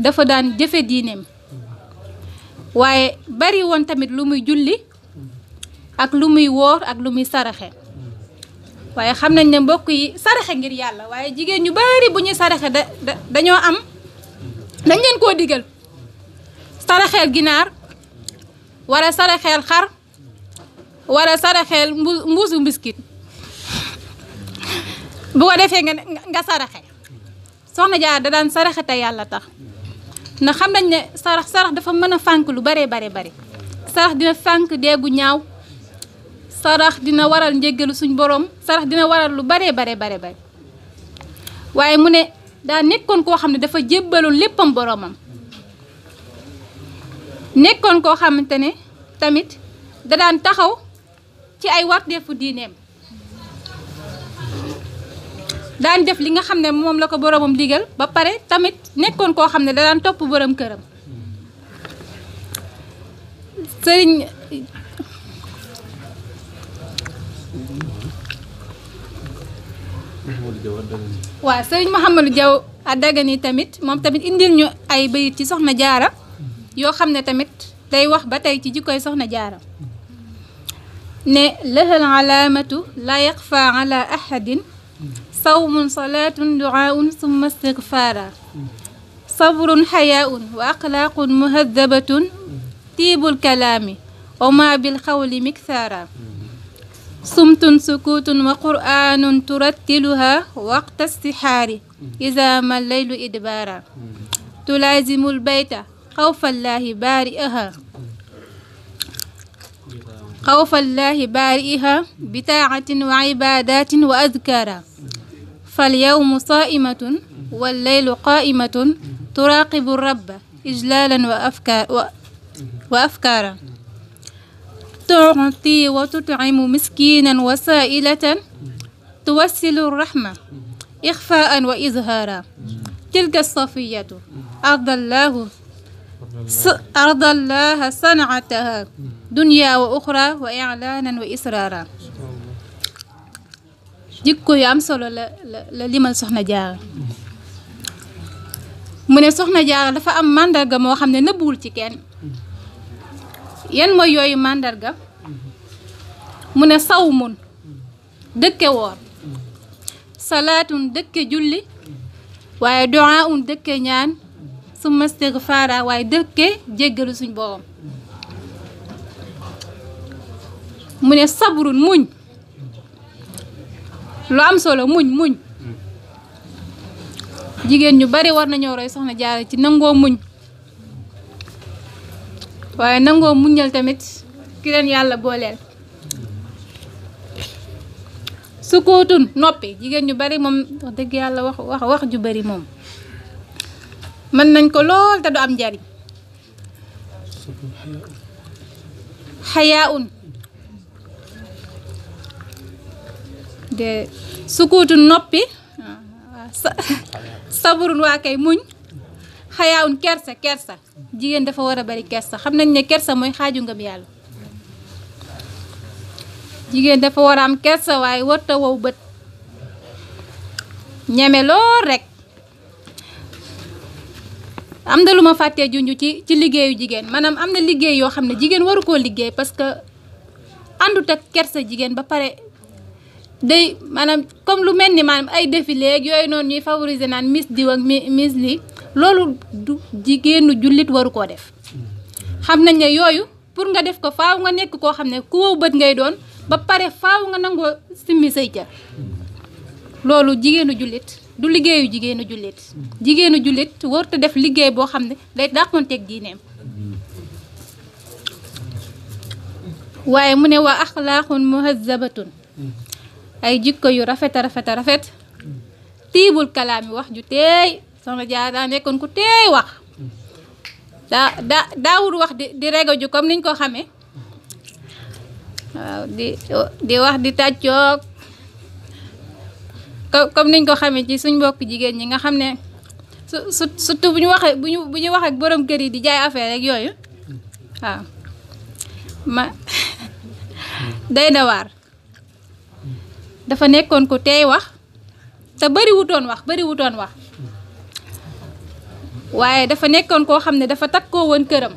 dafa daan jëfe diineem waaye bari woon tamit lu muy julli ak lu muy wóor ak lu muy saraxe waaye xam nañ ne mbokk yi saraxe ngir yàlla waaye jigéen ñu bari bu ñuy saraxe da dañoo am dañ leen koo digal saraxeel ginaar wala saraxeel xar wala saraxeel mbu mbuusu mbiskit bu ko defee nga ne nga saraxe soxna jaar da daan saraxe yàlla tax ndax xam nañ ne sarax sarax dafa mën a fànk lu bare bare bare sarax dina fànk gu ñaaw sarax dina waral njéggalu suñ borom sarax dina waral lu bare bare bare bare waaye mu ne daa nekkoon koo xam ne dafa jébbaloon léppam boromam nekkoon koo xamante ne tamit da daan taxaw ci ay warteefu diineem daan def li nga xam ne moom la ko boromam digal ba pare tamit nekkoon koo xam ne da daan topp borom këram sëriñ سيدي محمد جو ادغاني تامت مام تامت انديل اي بيتي تي سخنا جارا يو خامن تامت داي واخ باتاي تي جيكو سخنا ني لها العلامه لا يخفى على احد صوم صلاه دعاء ثم استغفار صبر حياء واخلاق مهذبه طيب الكلام وما بالخول مكثارا صمت سكوت وقرآن ترتلها وقت السحار إذا ما الليل إدبارا تلازم البيت خوف الله بارئها خوف الله بارئها بتاعة وعبادات وأذكارا فاليوم صائمة والليل قائمة تراقب الرب إجلالا وأفكار وأفكارا تعطي وتطعم مسكينا وسائلة توسل الرحمة إخفاء وإظهارا تلك الصفية أرضى الله أرضى الله صنعتها دنيا وأخرى وإعلانا وإسرارا ديكو يا أم solo la la سوحنا soxna من سوحنا ne soxna jaara dafa am màndarga moo yan mooy yooyu màndarga mu ne saw mun dëkke woor salaatun dëkke julli waaye du'aun dëkke ñaan su mastigfaara waaye dëkke jéggalu suñ borom mu ne sabrun muñ lu am solo muñ muñ jigéen ñu bari war nañoo roy soxna jaara ci nangoo muñ waye nango muñal tamit ki len yalla Sukutun sukutun nopi jigen ñu bari mom wax dëgg yàlla wax wax wax ju bari mom man nañ ko lol te du am jari hayaun de sukutun nopi ah, saburun wa kay muñ xayaawun kersa kersa jigen dafa wara bari kersa xamnañ ne kersa moy xaju ngam yalla Jigen dafa wara am kersa way warta wow beut ñame lool rek am na luma faté juñju ci ci liggéeyu jigen manam am na liggéey yo xamne jigen waru ko liggéey parce que andut ak kersa jigen ba paré day maanaam comme lu mel ni maanaam ay défilé yooyu noonu ñuy favoriser naan miss diw ak miss lii loolu du jigéenu jullit waru koo def xam nañ ne yooyu pour nga def ko faaw nga nekk koo xam ne ku wow bët ngay doon ba pare faw nga nangoo simmi say ca loolu jigéenu jullit du liggéeyu jigéenu jullit jigéenu jullit warut a def liggéey boo xam ne day dàqonteeg diineem waaye mu ne waa axlaaqun muhazzabatun ay jikko yu rafet rafet rafet tibul kalam wax ju son la jaara nekkon ku tey wax da da wax di di rego ju comme niñ ko xamé di di wax di tàccoog comme niñ ko xamé ci suñ mbokk jigéen ñi nga xamné su su buñu bu buñu buñu bu bu wax ak borom kër yi di jaay affaire ak yooyu waaw ma day na war dafa nekkoon ko teey wax te bëri wax bariwutoon wax waaye dafa nekkoon koo xam ne dafa koo woon këram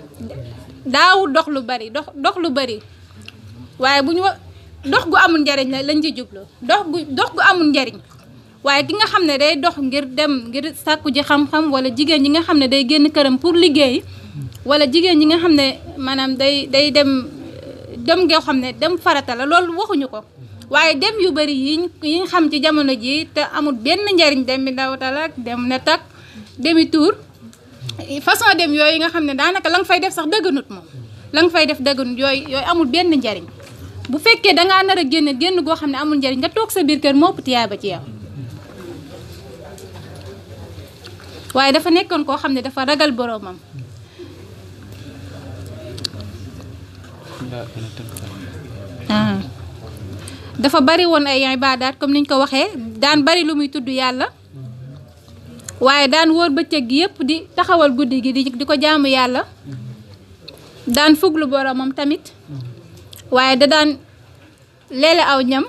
daawul dox lu bari dox dox lu bari waaye bu ñu dox gu amul njariñ la lañ ci jublu dox gu dox gu amul njariñ waaye ki nga xam ne day dox ngir dem ngir sàkku ji xam-xam wala jigéen ñi nga xam ne day génn këram pour liggéey wala jigéen ñi nga xam ne maanaam day day dem dem ngoo xam ne dem farata la loolu waxuñu ko waye dem yu bari yi yiñ xam ci jamono ji te amul benn njariñ dem bi ndaw talak dem ne tak demi tour façon dem yoy nga xamne ne daanaka la nga fay def sax deugunut mom la nga fay def dëgganut yoy yoy amul benn njariñ bu fekke da nga nara genn genn go xamne amul njariñ nga tok sa bir mo ba ci yaw waye dafa nekkon ko xamne dafa ragal boromam. ah dafa bari won ay ibadat comme niñ ko waxé daan bari lu muy tuddu yalla waye daan wor bëccëg gi yëpp di taxawal guddi gi di ko jaamu yalla daan fuglu boromam tamit waye da daan lélé aw ñam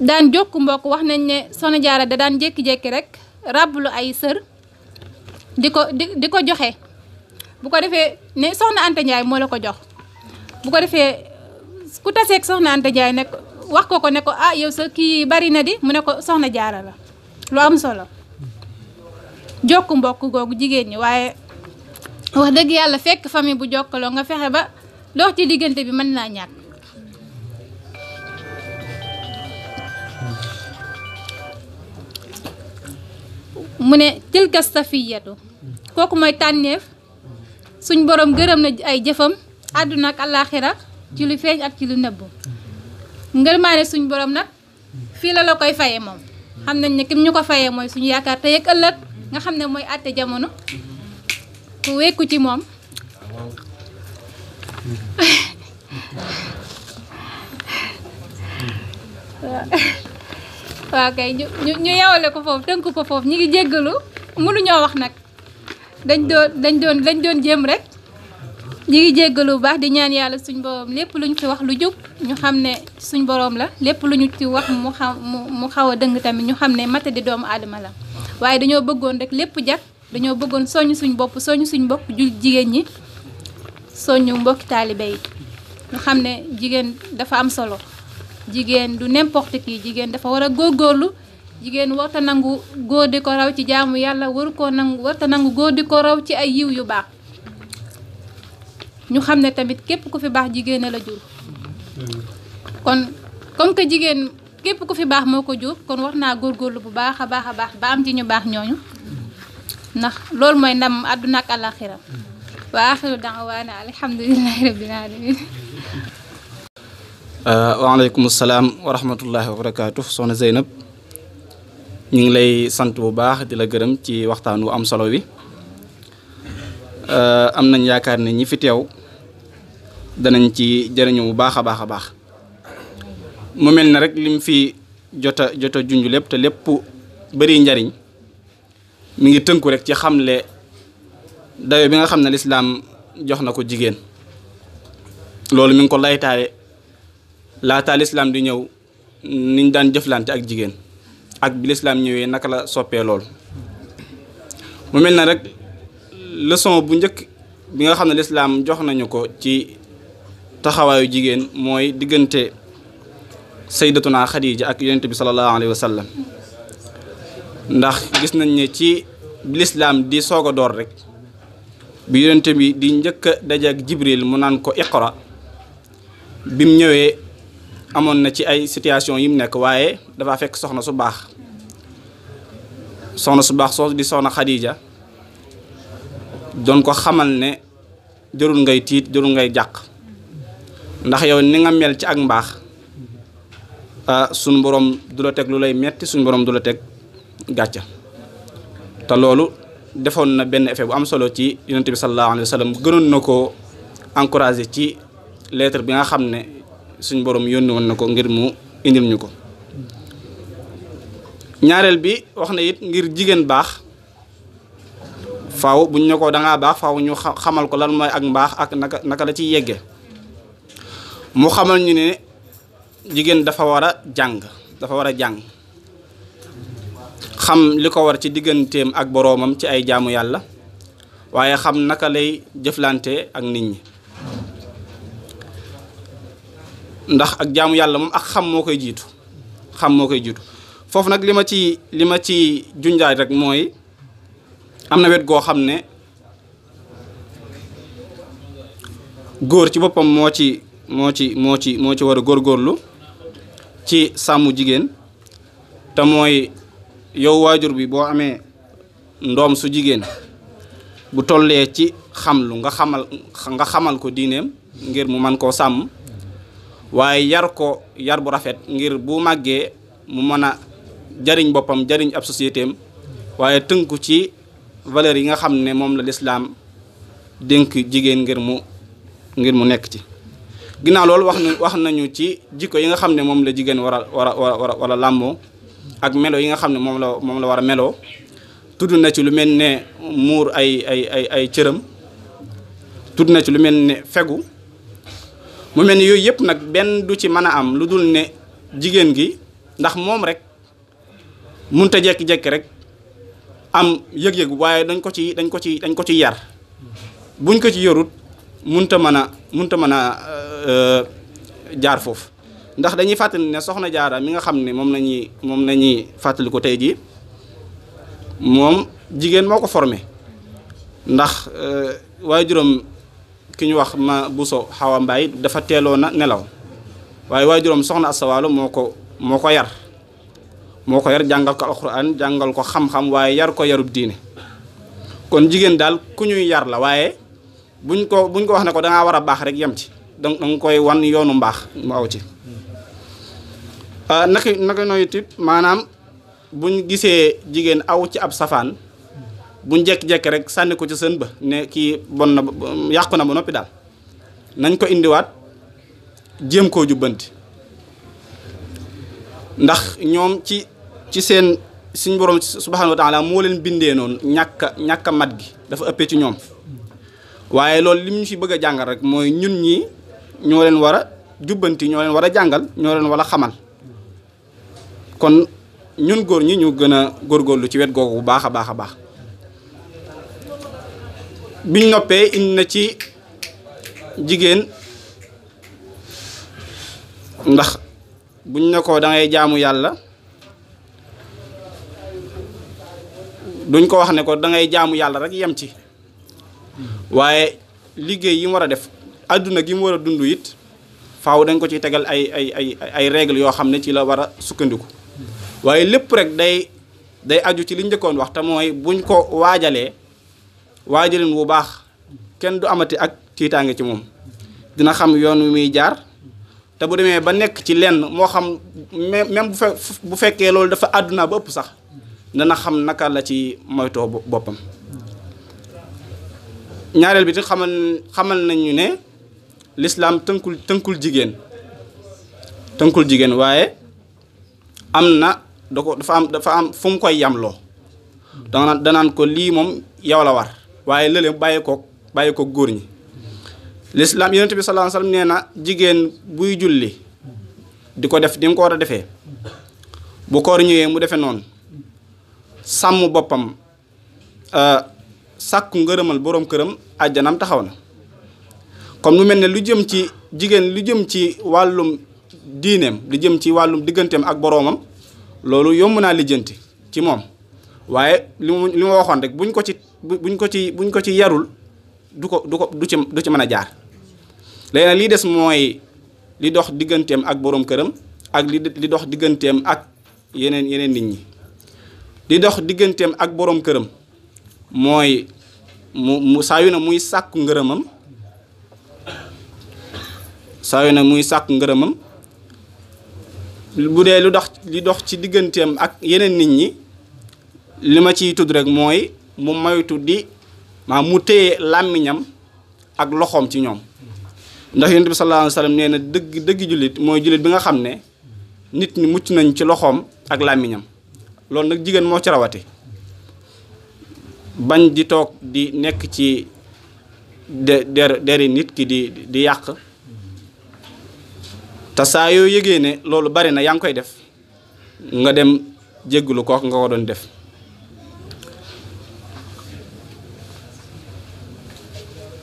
daan jokk mbokk wax nañ né sonu Jaara da daan jékki-jékki rek rablu ay sœur di ko di ko bu ko défé ne sonu ante ñay mo la ko jox bu ko défé ku ak soxna Anta jaay nek wax ko ko nek ah yow sa ki bari na di mu nek soxna jaara la lo am solo jokk mbokk gogu jigen ni waye wax deug yalla fekk fami bu jokkalo nga fexé ba dox ci digënté bi man na ñak mune ne tilka safiyatu suñ borom gëreem na ay jëfëm aduna ak alakhirah ci lu feñ ak ci lu nebb nëbbu ngërmaane suñ borom nak fi la la koy fayé mom xamnañ ne kim ñuko fayé moy mooy suñu yaakaar tay ak ëlëk nga xamne moy atté jamono ku wéku ci mom wa kay ñu ñu yawale ko fofu tënk ko foofu ñu ngi jéggalu ñoo wax nak dañ doon dañ doon dañ doon jëm rek ñu ngi jéggalu bu baax di ñaan yàlla suñ borom lépp lu ñu fi wax lu jub ñu xam ne suñ boroom la lépp lu ñu ci wax mu xam mu xaw a dëng tamit ñu xam ne mata di doomu aadama la waaye dañoo bëggoon rek lépp jag dañoo bëggoon soññ suñ bopp soññ suñ bopp ju jigéen ñi soññu mbokki taalibe yi ñu xam ne jigéen dafa am solo jigéen du n'importe qui jigéen dafa war a góor góorlu jigéen warta nangu góor di ko raw ci jaamu yàlla waru koo nangu warta nangu góor di ko raw ci ay yiw yu baax ñu xamne tamit képp ku fi bax jigéen la jur kon comme que jigéen képp ku fi bax moko jur kon war gur lu bu bah, a baax ba am ci ñu bax ñoñu nak lool moy ndam aduna ak alakhirah wa akhiru da'wana alhamdulillahi rabbil alamin euh, waaleykum salaam wa rahmatullahi wa barakatuh sona zainab ñi ngi lay sant bu baax di la gërëm ci waxtaan wu am solo wi euh, am nañ yaakaar ne ñi fi tew danañ ci jëriñu bu baax a baax a baax mu mel na rek lim fi jot a jot a junj lépp te lépp bari njariñ mu ngi tënku rek ci xamle dayo bi nga xam ne lislaam jox na ko jigéen loolu mi ngi ko laytaale laataa lislaam di ñëw niñ daan jëflante ak jigéen ak bi lislaam ñëwee naka la soppee loolu mu mel na rek leçon bu njëkk bi nga xam ne lislaam jox nañu ko ci taxawaayu jigéen mooy diggante sëydatu naa xadija ak yonente bi salallahu alayhi wa sallam ndax gis nañ ne ci lislaam di soog a door rek bi yonente bi di njëkk a daje ak jibril mu naan ko iqra bim ñëwee amoon na ci ay situation yi nekk waaye dafa fekk soxna su baax soxna su baax soo di soxna xadija doon ko xamal ne jërul ngay tiit jërul ngay jàq ndax yow ni nga mel ci ak mbaax ah, sun borom du la teg lu metti sun borom du la teg gàcca te loolu na ben effet bu am solo ci yunus bi sallallahu alaihi wasallam sallam nako encourager ci lettre bi nga xamne ne suñ borom yoni won nako ngir mu indil ñuko ñaarel bi wax na it ngir jigen bax faaw buñ ñako da nga bax faaw ñu xamal ko lan moy ak mbaax ak naka la ci yeggee mu xamal ñu ne jigéen dafa war a jàng dafa war a jàng xam li ko war ci digganteem ak boroomam ci ay jaamu yàlla waaye xam naka lay jëflante ak nit ñi ndax ak jaamu yàlla moom ak xam moo koy jiitu xam koy jiitu foofu nag li ma ci li ma ci junjaay rekk mooy am na wet goo xam ne góor ci boppam moo ci moo ci moo ci moo ci war a góorgóorlu ci sàmm jigéen te mooy yow waajur bi boo amee ndoom su jigéen bu tollee ci xamlu nga xamal nga xamal ko diineem ngir mu man koo sàmm waaye yar ko yar bu rafet ngir bu màggee mu mën a jariñ boppam jariñ ab sociétéem waaye tënku ci valeur yi nga xam ne moom la lislaam dénk jigéen ngir mu ngir mu nekk ci ginnaaw loolu wax na wax nañu ci jikko yi nga xam ne moom la jigéen war a war a war a war a làmmoo ak melo yi nga xam ne moom la moom la war a meloo tudd na ci lu mel ne muur ay ay ay cëram tudd na ci lu mel ne fegu mu mel ni yooyu yëpp nag benn du ci mën a am lu dul ne jigéen gi ndax moom rek munta jekki-jekki rek am yëg-yëg waaye dañ ko ci dañ ko ci dañ ko ci yar buñ ko ci yorut munta mana, munta mana a eh, jaar fof ndax dañuy fàttali ne soxna jaara mi nga xam mom lañuy mom lañuy fatali ko tey jii moom jigéen moo formé ndax eh, wax ma buso hawa mbay dafa teeloo na nelaw waaye waaye juróom soxna asawalu moko ko yar moko yar jangal ko alquran jangal ko xam-xam waaye yar ko yarub diine kon jigen dal kuñuy yar la waye buñ ko buñ ko wax ne ko dangaa war a baax rek yem ci danga koy wan yoonu mbaax mu aw ci ah, naka naka nooy maanaam buñ gisee jigéen aw ci ab safaan bu jekk-jekk rek sànni ko ca sën ba ne kii bon na yàqu na ba noppi daal nañ ko indiwaat jéem koo jubbanti ndax ñoom ci ci seen suñ borom subhanahu wa taala moo leen bindee noonu ñàkk ñàkk mat gi dafa ëppee ci ñoom waaye loolu li ñu si bëgg a jàngal rek mooy ñun ñi ñoo leen war a jubbanti ñoo leen war a jàngal ñoo leen war a xamal kon ñun góor ñi ñu gën a góorgóorlu ci wet googu bu baax a baax a baax biñ noppee indi na ci jigéen ndax buñ ne ko da jaamu yàlla duñ ko wax ne ko dangay jaamu yàlla rek yem ci waaye liggéey yi mu war a def àdduna gi mu war a dund it faaw dañ ko ci tegal ay ay ay ay règle yoo xam ne ci la war a sukkandiku waaye lépp rek day day aju ci li njëkkoon wax te mooy buñ ko waajalee waajalin bu baax kenn du amati ak tiitaange ci moom dina xam yoon wi muy jaar te bu demee ba nekk ci lenn moo xam même bu fekkee loolu dafa àdduna ba ëpp sax dana xam naka la ci moytoo boppam ñaareel bi te xamal xamal nañu ne lislaam tënkul tënkul jigéen tënkul jigéen waaye am na da ko dafa am fu mu koy yamloo danaan danaan ko lii moom yow la war waaye lële bàyyi ko bàyyi ko góor ñi lislaam yonent bi sallallahu alayhi wasallam nee na jigéen buy julli di ko def di nga ko war a defee bu koor ñëwee mu defe noonu sàmm boppam euh, sàkku ngërëmal boroom këram àjjanam taxaw na comme lu mel ni lu jëm ci jigéen lu jëm ci wàllum diineem lu jëm ci wàllum digganteem ak boroomam loolu yomb naa lijjanti ci moom waaye li li ma waxoon rek buñ ko ci buñ ko ci buñ ko ci yarul du ko du ko du ci ci mën a jaar léegi lii des mooy li dox digganteem ak boroom këram ak li li dox digganteem ak yeneen yeneen nit ñi li dox digganteem ak boroom këram mooy mu mu saa yu muy sàkku ngërëmam saa yu ne muy sàkku ngërëmam bu dee lu dox li dox ci digganteem ak yeneen nit ñi li ma ciy tudd rek mooy mu moytu di maa mu téye làmmiñam ak loxoom ci ñoom ndax yonent bi sallallahu wa sallam nee na dëgg dëgg jullit mooy jullit bi nga xam ne nit ñi mucc nañ ci loxoom ak làmmiñam loolu nag jigéen moo ci rawati bañ di toog di nekk ci de der deri nit ki di di yàq te saa yoo yëgee ne loolu bari na yaa ngi koy def nga dem jégglu kook nga ko doon def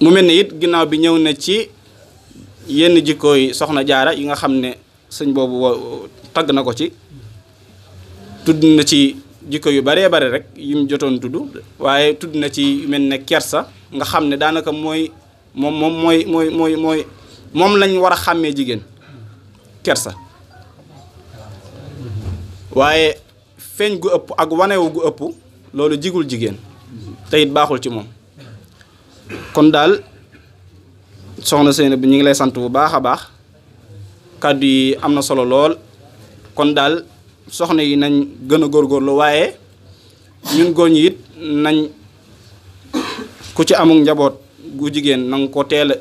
mu mel ne it ginnaaw bi ñëw na ci yenn jikko soxna jaara yi nga xam ne sëñ boobu tagg na ko ci tudd na ci jikko yu baree bare rek yim jotoon tudd waaye tudd na ci mel ne kersa nga xam ne daanaka mooy moom moom mooy mooy mooy moom lañ war a xàmmee jigéen kersa waaye feeñ gu ëpp ak wanewu gu ëpp loolu jigul jigéen te baaxul ci moom kon daal soxna Seyna bi ñu ngi lay sant bu baax a baax kàddu yi am na solo lool kon daal soxna yi nañ gën a góorgóorlu waaye ñun góor ñi nañ ku ci amul njaboot gu jigéen nanga nga ko teel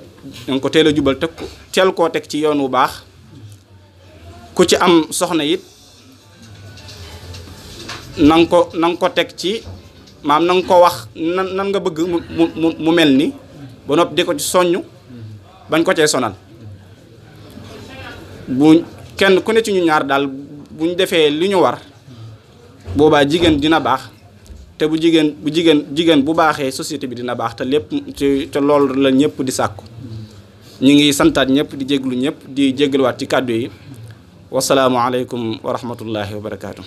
a na ko teel a jubal te teel koo teg ci yoon wu baax ku ci am soxna it na ko na nga ko teg ci maam na ko wax nan nan nga bëgg mu mu mel ni ba noppi di ko ci soññ bañ ko cee sonal bu kenn ku ne ci ñu ñaar daal. bu ñu defee li ñu war boobaa jigéen dina baax te bu jigéen bu jigéen jigéen bu baaxee société bi dina baax te lépp ci te lool la ñëpp di sàkku ñu ngi santaat ñëpp di jéglu ñëpp di jégaluwaat ci kàddu yi wasalaamualeykum wa rahmatullahi wa barakaatu.